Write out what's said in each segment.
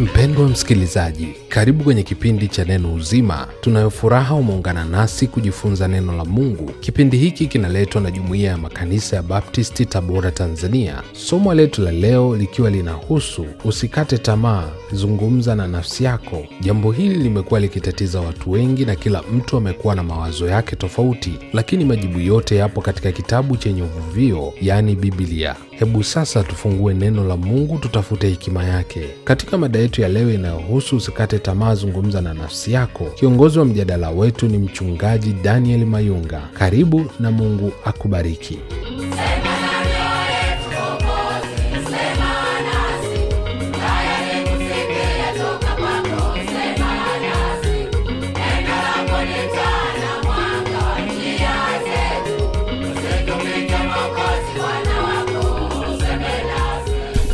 Mpendwa msikilizaji, karibu kwenye kipindi cha Neno Uzima. tunayofuraha umeungana nasi kujifunza neno la Mungu. Kipindi hiki kinaletwa na Jumuiya ya Makanisa ya Baptisti, Tabora, Tanzania. Somo letu la leo likiwa linahusu usikate tamaa, zungumza na nafsi yako. Jambo hili limekuwa likitatiza watu wengi na kila mtu amekuwa na mawazo yake tofauti, lakini majibu yote yapo katika kitabu chenye uvuvio, yaani Biblia. Hebu sasa tufungue neno la Mungu, tutafute hekima yake katika mada yetu ya leo inayohusu usikate tamaa, zungumza na nafsi yako. Kiongozi wa mjadala wetu ni Mchungaji Daniel Mayunga. Karibu na Mungu akubariki.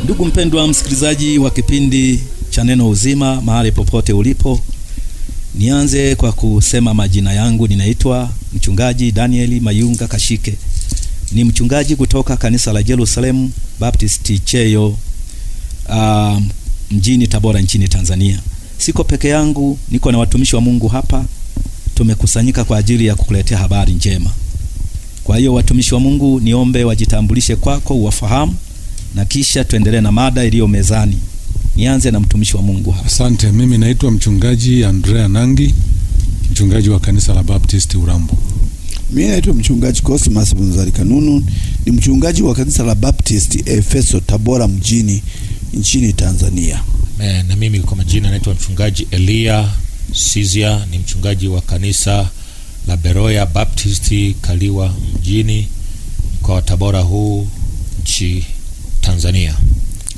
Ndugu mpendwa msikilizaji wa kipindi cha Neno Uzima, mahali popote ulipo, nianze kwa kusema majina yangu. Ninaitwa mchungaji daniel Mayunga Kashike, ni mchungaji kutoka kanisa la Jerusalem Baptist Cheyo, uh, mjini Tabora nchini Tanzania. Siko peke yangu, niko na watumishi wa Mungu hapa, tumekusanyika kwa ajili ya kukuletea habari njema. Kwa hiyo watumishi wa Mungu, niombe wajitambulishe kwako, uwafahamu na kisha tuendelee na mada iliyo mezani. Nianze na mtumishi wa Mungu hapa. Asante. Mimi naitwa mchungaji Andrea Nangi, mchungaji wa kanisa la Baptist Urambo. Mimi naitwa mchungaji Cosmas Bunzari Kanunu, ni mchungaji wa kanisa la Baptist Efeso Tabora mjini nchini Tanzania. Amen. Na mimi kwa majina naitwa mchungaji Elia Sizia, ni mchungaji wa kanisa la Beroya Baptist Kaliwa mjini mkoa wa Tabora huu nchi Tanzania.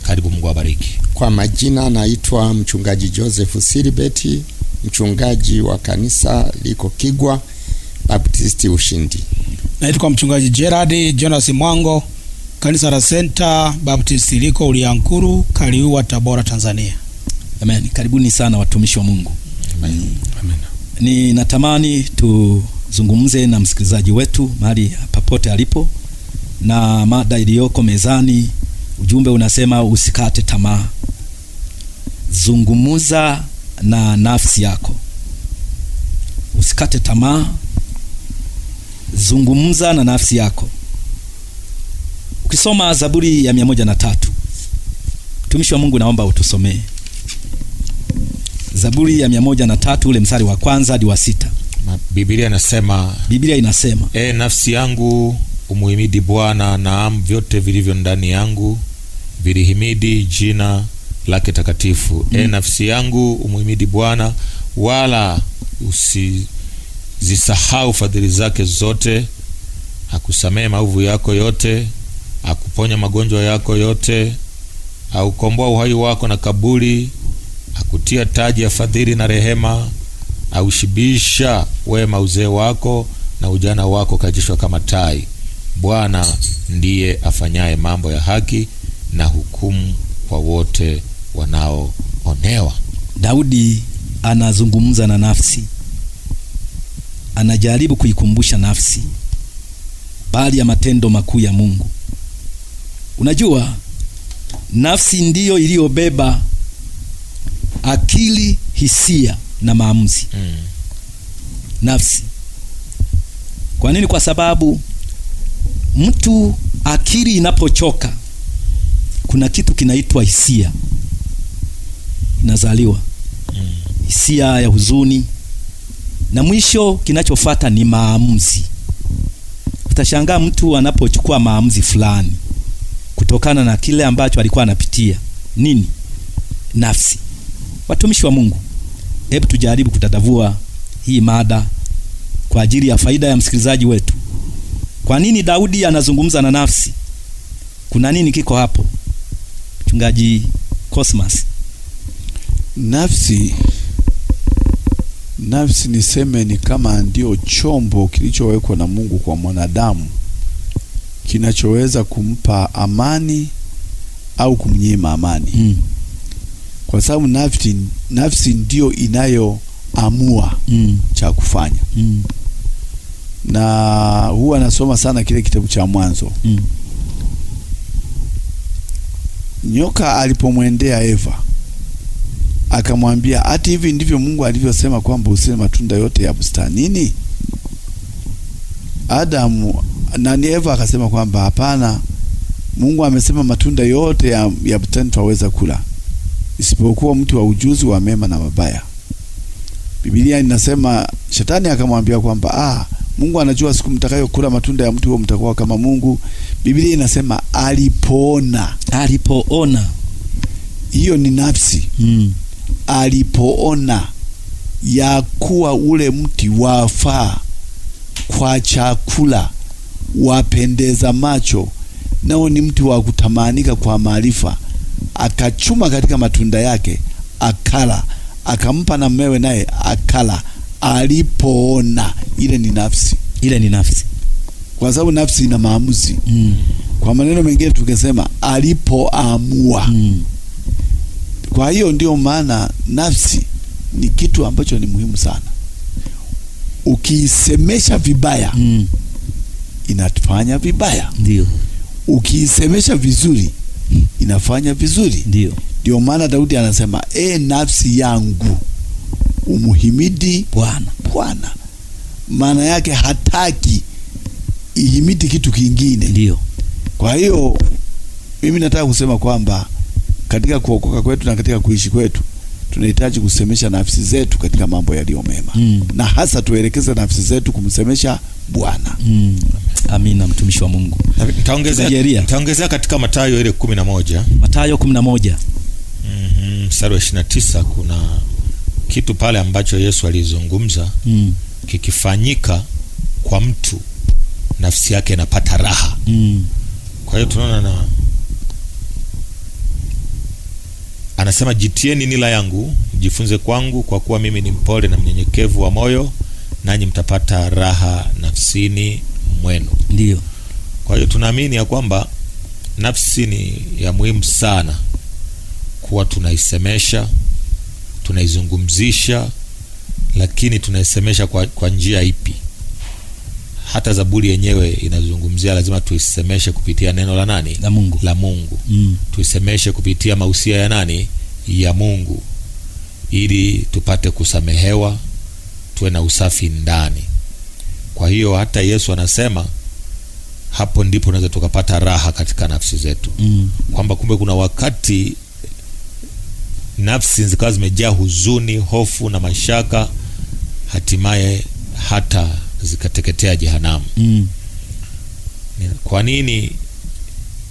Karibu, Mungu awabariki. Kwa majina naitwa mchungaji Joseph Silibeti, mchungaji wa kanisa liko Kigwa Baptisti Ushindi. Naitwa mchungaji Gerard Jonas Mwango, kanisa la Center Baptist liko Uliankuru, Kaliua, Tabora, Tanzania. Amen. Karibuni sana watumishi wa Mungu. Amen. Amen. Ninatamani tuzungumze na msikilizaji wetu mahali popote alipo na mada iliyoko mezani Ujumbe unasema usikate tamaa, zungumuza na nafsi yako, usikate tamaa, zungumza na nafsi yako. Ukisoma Zaburi ya mia moja na tatu mtumishi wa Mungu, naomba utusomee Zaburi ya mia moja na tatu ule mstari wa kwanza hadi wa sita. Biblia inasema, Biblia inasema, e nafsi yangu umuhimidi Bwana, naam, vyote vilivyo ndani yangu vilihimidi jina lake takatifu. E mm. E nafsi yangu umuhimidi Bwana, wala usizisahau fadhili zake zote. Akusamehe maovu yako yote, akuponya magonjwa yako yote, aukomboa uhai wako na kaburi, akutia taji ya fadhili na rehema, aushibisha wema uzee wako na ujana wako kajishwa kama tai Bwana ndiye afanyaye mambo ya haki na hukumu kwa wote wanaoonewa. Daudi anazungumza na nafsi, anajaribu kuikumbusha nafsi bali ya matendo makuu ya Mungu. Unajua, nafsi ndiyo iliyobeba akili, hisia na maamuzi mm. Nafsi. Kwa nini? Kwa sababu mtu akili inapochoka, kuna kitu kinaitwa hisia inazaliwa, hmm. hisia ya huzuni, na mwisho kinachofata ni maamuzi. Utashangaa mtu anapochukua maamuzi fulani kutokana na kile ambacho alikuwa anapitia nini nafsi. Watumishi wa Mungu, hebu tujaribu kutadavua hii mada kwa ajili ya faida ya msikilizaji wetu. Kwa nini Daudi anazungumza na nafsi? Kuna nini kiko hapo, mchungaji Cosmas? Nafsi, nafsi niseme ni kama ndio chombo kilichowekwa na Mungu kwa mwanadamu kinachoweza kumpa amani au kumnyima amani mm. Kwa sababu nafsi, nafsi ndiyo inayoamua mm. cha kufanya mm na huwa nasoma sana kile kitabu cha Mwanzo mm. Nyoka alipomwendea Eva akamwambia, ati hivi ndivyo Mungu alivyosema kwamba usile matunda yote ya bustanini? Adamu nani, Eva akasema kwamba hapana, Mungu amesema matunda yote ya, ya bustani twaweza kula isipokuwa mti wa ujuzi wa mema na mabaya. Biblia inasema shetani akamwambia kwamba ah, Mungu anajua siku mtakayokula matunda ya mti huo mtakuwa kama Mungu. Biblia inasema alipoona, alipoona, hiyo ni nafsi mm. Alipoona ya kuwa ule mti wafaa kwa chakula, wapendeza macho, nao ni mti wa kutamanika kwa maarifa, akachuma katika matunda yake, akala, akampa na mmewe, naye akala alipoona ile ni nafsi, ile ni nafsi, kwa sababu nafsi ina maamuzi mm. Kwa maneno mengine tukisema alipoamua mm. Kwa hiyo ndio maana nafsi ni kitu ambacho ni muhimu sana. Ukiisemesha vibaya mm. inafanya vibaya, ndio. Ukiisemesha vizuri mm. inafanya vizuri, ndio. Ndio maana Daudi anasema e, nafsi yangu umuhimidi Bwana. Bwana maana yake hataki ihimidi kitu kingine, ndio. Kwa hiyo mimi nataka kusema kwamba katika kuokoka kwetu na katika kuishi kwetu tunahitaji kusemesha nafsi zetu katika mambo yaliyo mema mm. na hasa tuelekeze nafsi zetu kumsemesha Bwana mm. Amina, mtumishi wa Mungu. Taongezea taongezea katika Mathayo ile 11, Mathayo 11 mhm, mstari wa 29 kuna kitu pale ambacho Yesu alizungumza mm. kikifanyika kwa mtu nafsi yake inapata raha mm. kwa hiyo tunaona na anasema jitieni nila yangu mjifunze kwangu kwa kuwa mimi ni mpole na mnyenyekevu wa moyo nanyi mtapata raha nafsini mwenu ndio kwa hiyo tunaamini ya kwamba nafsi ni ya muhimu sana kuwa tunaisemesha tunaizungumzisha lakini tunaisemesha kwa, kwa njia ipi? Hata Zaburi yenyewe inazungumzia lazima tuisemeshe kupitia neno la nani? La Mungu, la Mungu. Mm. Tuisemeshe kupitia mausia ya nani? Ya Mungu, ili tupate kusamehewa, tuwe na usafi ndani. Kwa hiyo hata Yesu anasema hapo ndipo unaweza tukapata raha katika nafsi zetu, mm. kwamba kumbe kuna wakati nafsi zikawa zimejaa huzuni, hofu na mashaka, hatimaye hata zikateketea jehanamu. Mm. Kwa nini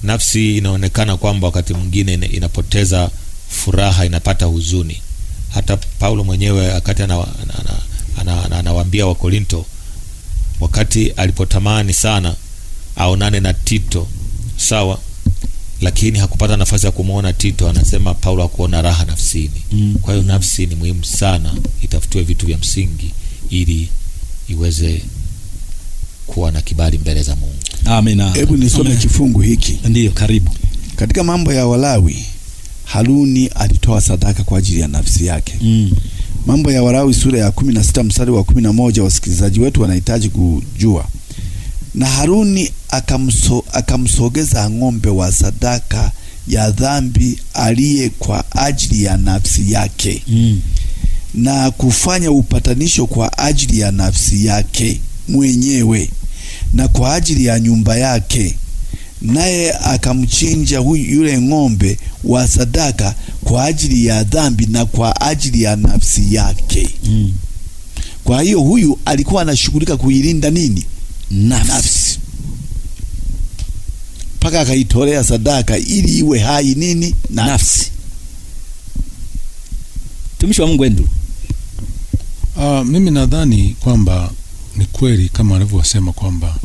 nafsi inaonekana kwamba wakati mwingine inapoteza furaha, inapata huzuni? Hata Paulo mwenyewe wakati anawaambia ana, ana, ana Wakorinto wakati alipotamani sana aonane na Tito, sawa lakini hakupata nafasi ya kumwona Tito. Anasema Paulo hakuona raha nafsini. mm. Kwa hiyo nafsi ni muhimu sana, itafutiwe vitu vya msingi ili iweze kuwa na kibali mbele za Mungu. Amina. Hebu nisome kifungu hiki. Ndiyo, karibu. Katika mambo ya Walawi, Haruni alitoa sadaka kwa ajili ya nafsi yake. mm. Mambo ya Walawi sura ya kumi na sita mstari wa kumi na moja wasikilizaji wetu wanahitaji kujua. Na Haruni akamso, akamsogeza ng'ombe wa sadaka ya dhambi aliye kwa ajili ya nafsi yake mm. na kufanya upatanisho kwa ajili ya nafsi yake mwenyewe na kwa ajili ya nyumba yake, naye akamchinja yule ng'ombe wa sadaka kwa ajili ya dhambi na kwa ajili ya nafsi yake mm. Kwa hiyo huyu alikuwa anashughulika kuilinda nini? Nafsi. Nafsi mpaka akaitolea sadaka ili iwe hai nini nafsi, nafsi. Tumishi wa Mungu Andrew. Uh, mimi nadhani kwamba ni kweli kama wanavyosema kwamba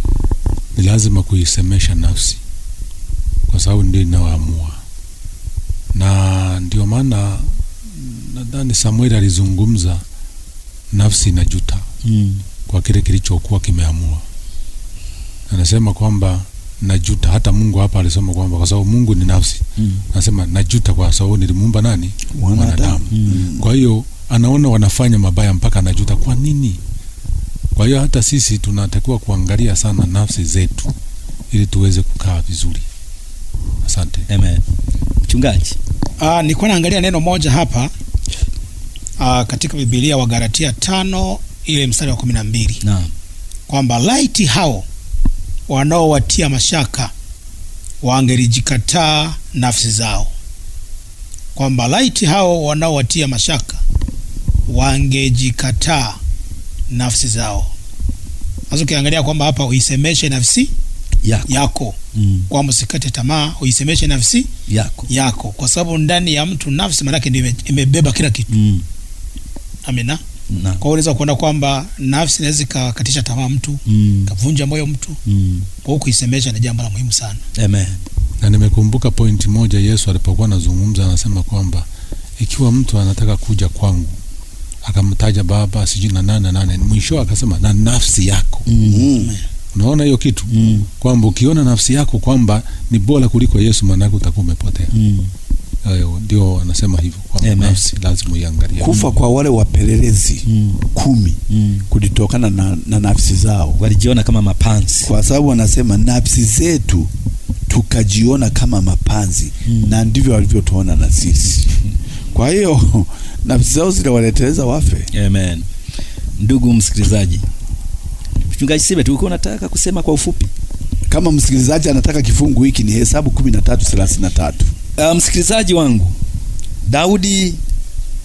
ni lazima kuisemesha nafsi kwa sababu ndio inayoamua, na ndio maana nadhani Samueli alizungumza nafsi inajuta mm, kwa kile kilichokuwa kimeamua. Anasema kwamba najuta. Hata Mungu hapa alisema kwamba kwa sababu Mungu ni nafsi mm. nasema najuta kwa sababu nilimuumba nani? Mwanadamu. mm. kwa hiyo anaona wanafanya mabaya mpaka anajuta. Kwa nini? Kwa hiyo hata sisi tunatakiwa kuangalia sana nafsi zetu ili tuweze kukaa vizuri. Asante. Amen. Mchungaji. Ah, nilikuwa naangalia neno moja hapa ah, katika Biblia Wagalatia tano ile mstari wa kumi na mbili kwamba laiti hao wanaowatia mashaka wangelijikataa nafsi zao, kwamba laiti hao wanaowatia mashaka wangejikataa nafsi zao. Sasa ukiangalia kwamba hapa uisemeshe nafsi yako, yako. Mm. Kwa msikate tamaa, uisemeshe nafsi yako, yako, kwa sababu ndani ya mtu nafsi maanake ndio imebeba kila kitu mm. Amina. Kwa hiyo unaweza kuona kwamba nafsi inaweza ikakatisha tamaa mtu mm. kavunja moyo mtu mm. kwa hiyo kuisemesha ni jambo la muhimu sana Amen. Na nimekumbuka point moja Yesu alipokuwa anazungumza, anasema kwamba ikiwa mtu anataka kuja kwangu akamtaja baba sijui na nane na nane, mwisho akasema na nafsi yako mm -hmm. Unaona hiyo kitu mm. kwamba ukiona nafsi yako kwamba ni bora kuliko Yesu, maana yako utakuwa umepotea mm uh, ndio wanasema hivyo kwamba nafsi lazima iangalie kufa kwa wale wapelelezi mm. kumi mm. kulitokana na, na nafsi zao, walijiona kama mapanzi, kwa sababu wanasema nafsi zetu tukajiona kama mapanzi mm. na ndivyo walivyotuona na sisi kwa hiyo nafsi zao ziliwaleteleza wafe. Amen. Ndugu msikilizaji, mchungaji Sibe, tulikuwa unataka kusema kwa ufupi kama msikilizaji anataka kifungu hiki ni Hesabu kumi na tatu thelathini na tatu. Uh, msikilizaji wangu, Daudi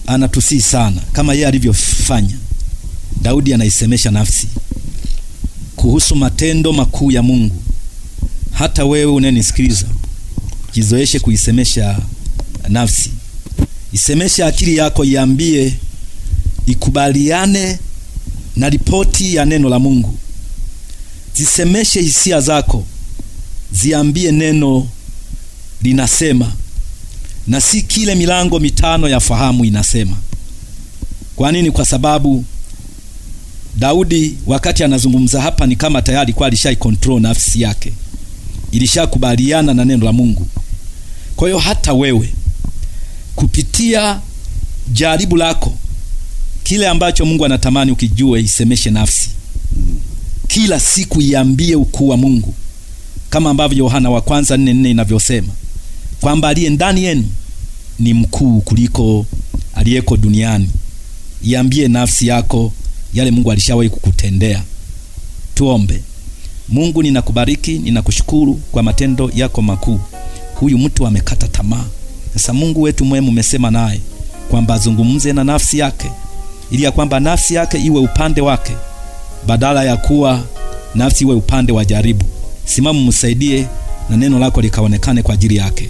anatusii sana kama yeye alivyofanya. Daudi anaisemesha nafsi kuhusu matendo makuu ya Mungu. Hata wewe unayenisikiliza, jizoeshe kuisemesha nafsi, isemeshe akili yako, iambie, ikubaliane na ripoti ya neno la Mungu. Zisemeshe hisia zako, ziambie neno linasema na si kile milango mitano ya fahamu inasema. Kwa nini? Kwa sababu Daudi wakati anazungumza hapa ni kama tayari kwa alishai control nafsi yake, ilishakubaliana na neno la Mungu. Kwa hiyo hata wewe kupitia jaribu lako, kile ambacho Mungu anatamani ukijue, isemeshe nafsi kila siku, iambie ukuu wa Mungu kama ambavyo Yohana wa kwanza 4:4 inavyosema kwamba aliye ndani yenu ni mkuu kuliko aliyeko duniani. Iambie nafsi yako yale Mungu alishawahi kukutendea. Tuombe. Mungu, ninakubariki, ninakushukuru kwa matendo yako makuu. Huyu mtu amekata tamaa. Sasa Mungu wetu mwema, umesema naye kwamba azungumze na nafsi yake, ili ya kwamba nafsi yake iwe upande wake, badala ya kuwa nafsi iwe upande wa jaribu. Simamu, msaidie na neno lako likaonekane kwa ajili yake